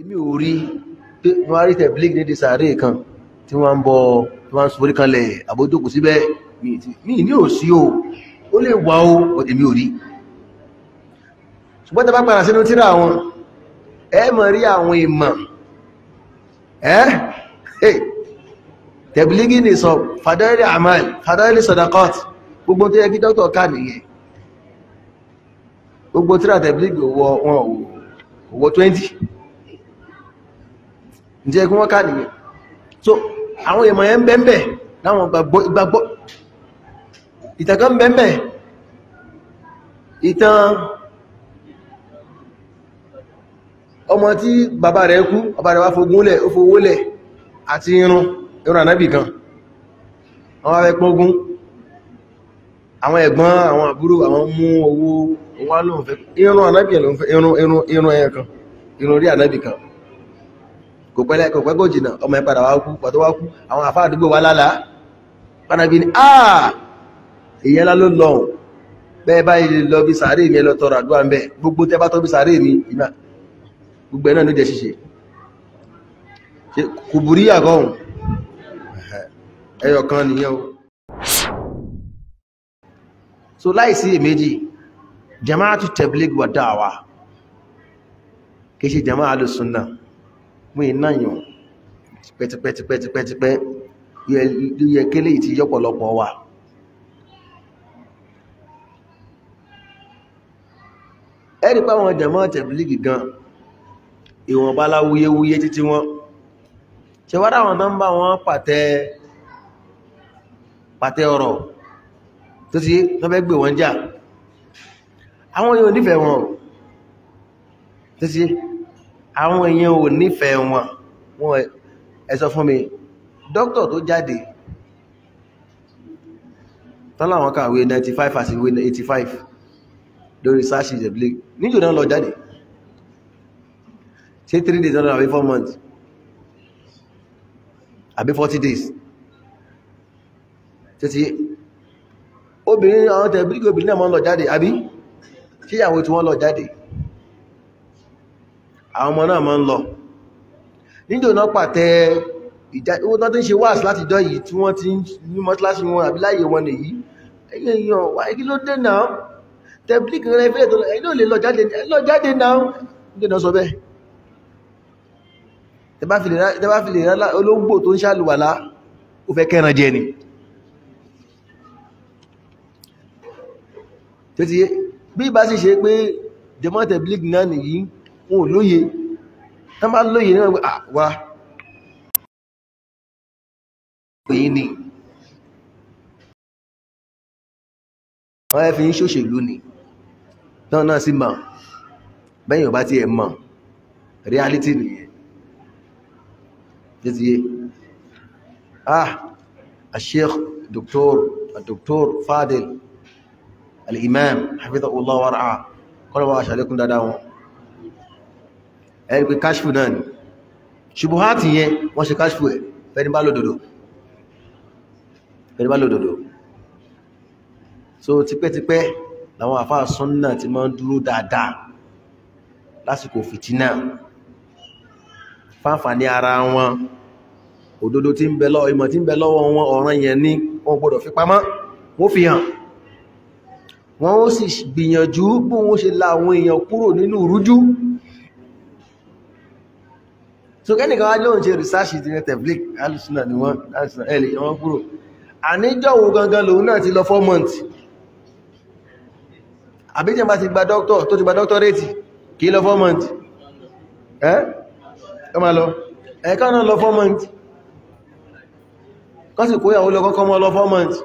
èmi ò rí pé wọ́n rí tẹ̀blík nídìí sàárè kan tí wọ́n ń bọ tí wọ́n ń sorí kanlẹ̀ àbójókòó síbẹ̀ mí ní ò sí o ó lè wà o èmi ò rí ṣùgbọ́n tẹ́ bá padà sínú tírà wọn ẹ mọ̀ rí àwọn ìmọ̀ ẹ́ tẹ̀blígì ní sọ fàdáìlì àmàlì fàdáìlì sọ̀dàkọ́t gbogbo tó yẹ kí dókítà ká nìyẹn gbogbo tírà tẹ̀blígì owó 20 ǹjẹ́ ẹgbẹ́ wọ́n ká nìyẹn so àwọn èèmọ̀ yẹn bẹ́ẹ̀bẹ̀ láwọn ìgbàgbọ́ ìtàkà bẹ́ẹ̀bẹ̀ ìtàn ọmọ tí bàbá rẹ̀ kú bàbá rẹ̀ wá fogúnlẹ̀ ó fowólẹ̀ àti irun irun ànábì kan àwọn afẹ́ pọ́gún àwọn ẹ̀gbọ́n àwọn àbúrò àwọn mú owó wá lóòfẹ́ irun ànábì kan irun orí ànábì kan kò pẹ́lẹ́ kò pẹ́kò jìnà ọmọ ìpadà wá kú pàtó wá kú àwọn àfá àdúgbò wá lálàá pàdàbí ní àà ìyẹ́lá ló lọ́un bẹ́ẹ̀ báyìí lọ bí sàárè mi ẹlọ tọrọ àdúrà ń bẹ gbogbo tẹ́ bá tọ́ bí sàárè mi ìmá gbogbo ẹ̀ náà ló jẹ́ ṣíṣe kùbùrí àgọ́hùn jama'a alu wọn iná yàn pẹ́tipẹ́tipẹ́tipẹ́ yẹ kélé ìtí yọ́pọ̀lọpọ̀ wà ẹ̀rí páwọn jẹ̀mọ́ tẹ̀bílìgì gan ìwọ̀nba láwúyéwúyé títí wọn ṣe wá dáwọn tó ń bá wọn pàtẹ pàtẹ ọ̀rọ̀ tó ti tó fẹ́ gbé wọn jà àwọn yóò nífẹ̀ẹ́ wọn tó ti àwọn èèyàn ò nífẹ̀ẹ́ wọn wọn ẹ sọ fún mi dókítà tó jáde tọ́lá àwọn kàwé 95 àti 85 lórí sáàṣì ìjẹ̀bílé níjò náà lọ jáde ṣe 3 days náà àbí 4 months àbí 40 days títí obìnrin àwọn tẹ̀bílì obìnrin náà mọ́ lọ jáde àbí ṣíyàwó tí wọ́n lọ jáde àwọn ọmọ náà máa ń lọ nídò náà pàtẹ ìwọ́n tó ń ṣe wáàsí láti jọ yìí tí wọ́n ti ní mọ́síláṣí wọn àbí láyé wọn nìyí ẹ̀yìn èèyàn wà kí ló dé náà tẹ̀blíkì rẹ̀ fílẹ̀ tó ẹ̀yìn ò lè lọ jáde náà nídò náà sọ bẹ́ẹ̀ tẹ́bá fi lè rá olóngbò tó ń ṣàlùwàlá ó fẹ́ kẹ́ran jẹ ni tí ó ti bí bá sì ṣe pé jẹmọ́ tẹ̀blíkì náà nìyí wọn ò lóye tán bá lóye náà wà wá èyí ni wọ́n ẹ́ fi ń ṣòṣèlú ni náà náà sì mọ̀ bẹ́yìn ọba tí ẹ mọ̀ reality nìyẹn jẹ́síyé ah al-sheikh dr dr fadil al-imam hafidhahullah wa ra'ah kọ́lọ̀wọ́ dáadáa wọn ẹni pé káṣfù náà ni ṣubuhati yẹn wọ́n ṣe káṣfù ẹ̀ fẹ́ni bá lòdòdó fẹ́ni lòdòdó so tipẹ́tipẹ́ làwọn àfáà sunna ti máa ń dúró dáadáa lásìkò fìtínà fáǹfààní ara wọn òdodo tí ń bẹ lọ́wọ́ ìmọ̀ tí ń bẹ lọ́wọ́ wọn ọ̀ràn yẹn ní wọn gbọ́dọ̀ fi pamọ́ wọ́n fi hàn wọ́n ó sì gbìyànjú bí wọ́n ṣe la àwọn èèyàn kúrò nínú rújú so kẹ́nìkan wá lóhun ṣe rìsáàṣì ti netflix alùsùnà ni wọ́n ẹ̀lẹ̀ wọ́n kúrò àníjọ́wò gangan lòun náà ti lọ 4 months àbíjẹ́ bá ti gba doctor tó ti gba doctorate kìí lọ 4 months ẹ́ ọmọ lọ ẹ̀ẹ́kọ́ náà lọ 4 months kọ́ sì kóyàwó lọ kọ́kọ́ mọ́ lọ 4 months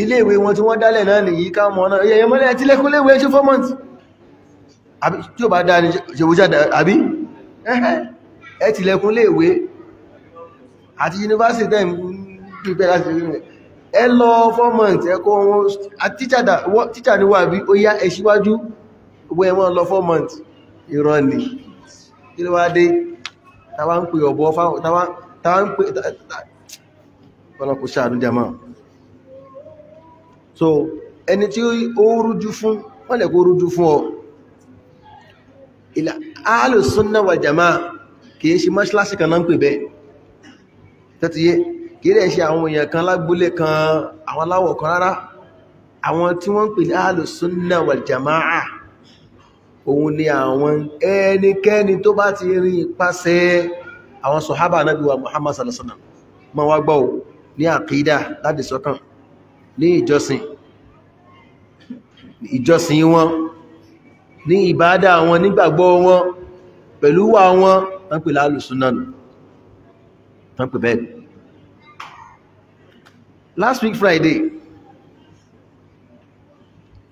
ilé ìwé wọn tí wọ́n dálẹ̀ náà nìyí ká mọ́ náà yẹ̀yẹ̀ mọ́lẹ̀ àti lẹ́kúnléwé ṣe 4 months àbí tí ó bá dáa ní ṣe ẹ tilẹ̀kùn léèwé àti yunifásitì tẹ́ pípẹ́ láti rí rẹ̀ ẹ lọ fọ́mọ̀ntì ẹkọ́ wọn tíṣà ní wà bí ó yá ẹ síwájú gbogbo ẹ̀wọ́n lọ fọ́mọ̀ntì ìran ni kí ló wá dé tàwa ń pè ọ̀bọ̀ fáwọn tàwa ń pè ọlọ́kù sáàdún jama so ẹni tí ó rújú fún wọ́n lẹ̀kọ́ rújú fún ọ alùsúnnà wà jàmá kìí ṣe mọ́ṣíláṣì kan náà ń pè bẹ́ẹ̀ tẹ́tìyé kìí rẹ̀ ṣe àwọn èèyàn kan lágbólé kan àwọn aláwọ̀ kan rárá àwọn tí wọ́n ń pè ní alùsúnnà wà jàmá òun ni àwọn ẹnikẹ́ni tó bá ti rí ipasẹ̀ àwọn sọ̀hábà Ànábì Muhammad sallallahu ma wá gbọ́ ní àkídà láti sọ́kàn ní ìjọsìn ìjọsìn wọn ní ìbádá wọn nígbàgbọ́ wọn pẹ̀lú wà wọn wọ́n pè lálùsúnnà nù wọ́n pè bẹ́ẹ̀ last week Friday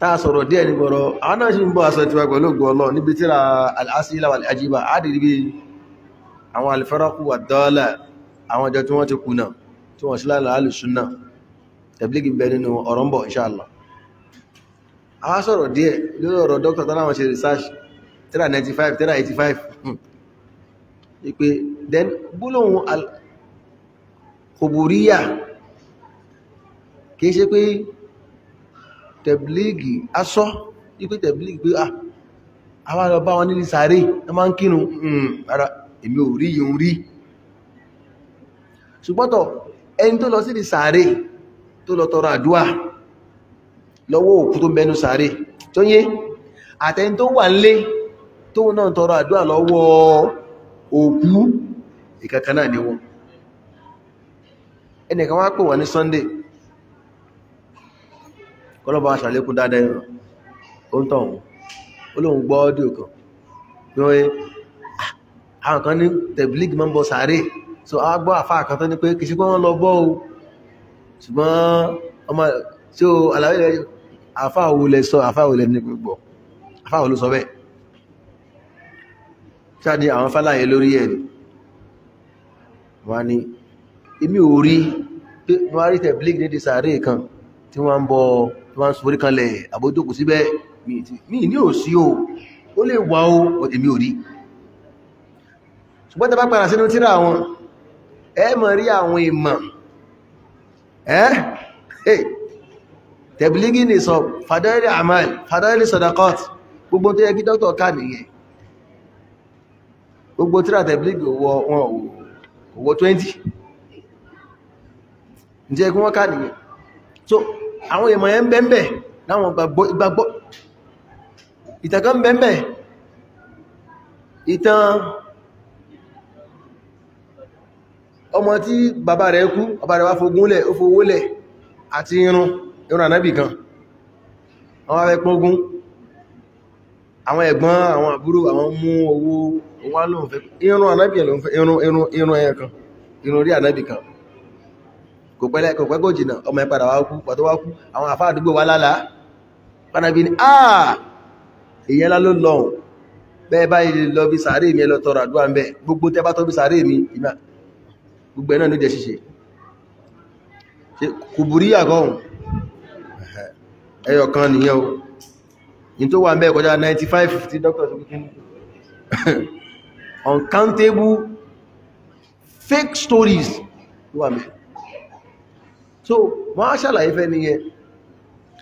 táà sọ̀rọ̀ díẹ̀ ní gbọ́rọ̀ àwọn náà ṣe ń bọ́ aṣọ ìtìwà pẹ̀lú ògbò ọlọ́ níbi tíra al-asila wal-ajiba àdìrí àwọn al-faraqu wad-dala àwọn ọjọ́ tí wọ́n ti àwa sọ̀rọ̀ díẹ̀ lórí ọ̀rọ̀ dókítà tó láwọn ṣe research tẹ́lá 95 tẹ́lá 85 ìpè hmm. then gbólóhùn kòbòríyà kìí ṣe pé tẹ̀blígì asọ́ ipé tẹ̀blígì pé àwọn ah, àlọ́ bá wọn nílì sàárè ẹ máa ń kínú ara hmm, èmi ò rí yìí ń rí ṣùgbọ́tọ̀ ẹni tó lọ sí ìsàárè tó lọ tọrọ àdúà lọ́wọ́ òkú tó bẹnu sàárè tó yé àtẹni tó wà nílé tó náà tọrọ àdúrà lọ́wọ́ òkú ìkankan náà ni wọ́n ẹnìkan wá pè wọ́n ní Sunday kọlọ́bà aṣàlékún dáadáa ẹ̀rọ ó ń tọ̀hún ó lóun gbọ́ ọdún kan bí wọ́n àwọn kan ní tẹ̀bílígì mọ́ ń bọ sàárè so a gbọ́ àfáà kan tó ní pé kìí sí lọ bọ́ o ṣùgbọ́n ọmọ tí ó àlàyé àfáàwò lẹ sọ àfáàwò lẹ ní gbogbo àfáàwò ló sọ bẹ́ẹ̀ ṣáàdì àwọn fàlàyé lórí ẹ̀ wọ́n ni èmi ò rí wọ́n rí tẹ̀blík ní ìsàárè kan tí wọ́n ń bọ́ wọ́n sọ oríkanlẹ̀ àbójókù síbẹ̀ mí ní ò sí o ó lè wà ó èmi ò rí ṣùgbọ́n tẹ́ bá padà sínú tírà wọn ẹ mọ̀ rí àwọn ìmọ̀ ẹ́ tẹ̀bílígì ni sọ fàdáìlì amal fàdáìlì sadaqat gbogbo tó yẹ kí dókítà ká nìyẹn gbogbo tíra tẹ̀bílígì wọ wọn owó 20 ǹjẹ́ kí wọ́n ká nìyẹn so àwọn èèmọ̀ yẹn bẹ́ẹ̀bẹ̀ láwọn ìgbàgbọ́ ìtàkàn bẹ́ẹ̀bẹ̀ ìtàn ọmọ tí bàbá rẹ̀ kú bàbá rẹ̀ wá fogúnlẹ̀ ó fowólẹ̀ àti irun ìrun ànábì kan àwọn afẹ́ pógún àwọn ẹ̀gbọ́n àwọn àbúrò àwọn mú owó wọ́n lóun fẹ́ ìrun ànábì ìrun ẹ̀yẹ kan ìrun orí ànábì kan kò pẹ́lẹ́ kò pẹ́kò jìnà ọmọ ẹ̀ padà wá kú pàtó wá kú àwọn àfá àdúgbò wá lálàá pàdàbí ni àà èyẹ́lá ló lọ́un bẹ́ẹ̀ báyìí lọ bí sàárè mi ẹlọ tọrọ àdúrà ń bẹ́ gbogbo tẹ́ bá tọ́ bí sàárè mi ìgbà gbogbo ẹ̀ náà ló jẹ́ ṣíṣe kùbùrí àgọ́hùn ẹyọ kan nìyẹn o in tó wà mẹ́ẹ̀ kọjá 9550 doctors uncountable fake stories tó wà mẹ́ẹ̀ so wọ́n á ṣàlàyé fẹ́ nìyẹn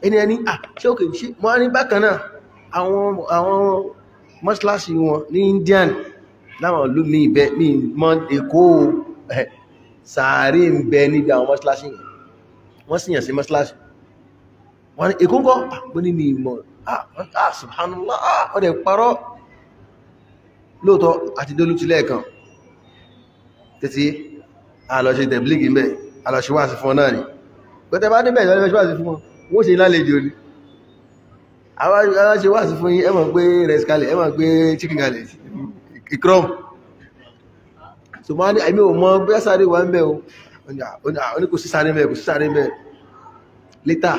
ẹni ẹni ah ṣé òkè ṣe wọ́n á ní bákan náà àwọn mọ́ṣíláṣí wọn ní indian láwọn ìlú mi ìbẹ́ ní mọ́ èkó sàárè ń bẹ níbi àwọn mọ́ṣíláṣí wọ́n sì yàn sí mọ́ṣíláṣí wọ́n ní èkóńkọ́ àpò ah, ní mi ìmọ̀ ah, ah subhanallah ah ọ̀dẹ̀ parọ́ lóòtọ́ àti dólú ti lẹ́ẹ̀kan títí àlọ́ṣe tẹ̀blígì mẹ́ àlọ́ṣe wá sí fún náà ni pẹ̀tẹ̀ bá níbẹ̀ ìjọ́lẹ́ṣe wá sí fún wọ́n ṣe lálejò ni aláṣe wá sí fún yí ẹ mọ̀ pé rice calẹ̀ ẹ mọ̀ pé chicken calẹ̀ ikrom so máa ní àmì òmọ́ bí á sáré wà ń bẹ́ o oní ah, kò sí sáré mẹ́ kò sí sáré mẹ́ later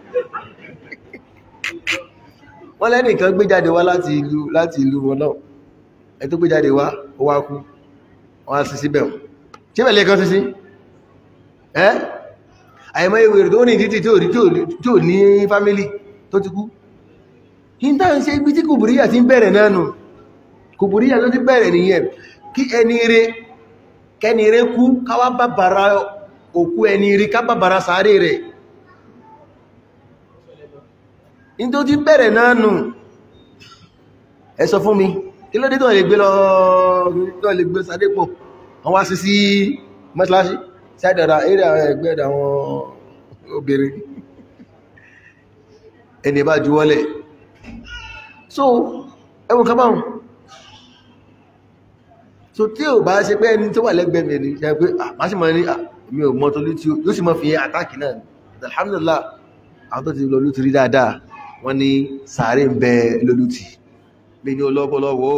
wọ́n lẹ́nìkan gbé jáde wá láti ìlú láti ìlú wọn náà ẹ tó gbé jáde wá ó wá kú wọ́n á sí síbẹ̀ tí bẹ̀lẹ̀ kan sí sí ẹ́ àìmọ́ ewé rẹ̀ tó ní títí tí ò ní fámílì tó ti kú ìntà ń ṣe ibi tí kùbùríyà ti bẹ̀rẹ̀ náà nù kùbùríyà ló ti bẹ̀rẹ̀ nìyẹn kí ẹni rẹ̀ kẹni rẹ̀ kú káwá bàbàrà òkú ẹni rẹ̀ ká bàbàrà sàárè rẹ̀ ní tó ti bẹ̀rẹ̀ náà nù ẹ sọ fún mi kí ló dé tó lè gbé lọ tó lè gbé sadépọ̀ wọ́n wá sí sí mọ́sálásí sáàdàrà eré àwọn ẹgbẹ́ àwọn obìnrin ẹni bá juwọ́lẹ̀ so ẹwọ kan báhùn so tí ò bá ṣe pé ẹni tó wà lẹ́gbẹ̀ẹ́ mi ni ṣe pé àmá sí mọ́ ní mi ò mọ́ tó lú tí ó sì mọ́ fi àtàkì náà alhamdulillah àwọn tó ti lọ lú ti rí dáadáa wọ́n ní sàárè ń bẹ lólùtì bí ní olọ́pọ̀lọpọ̀ o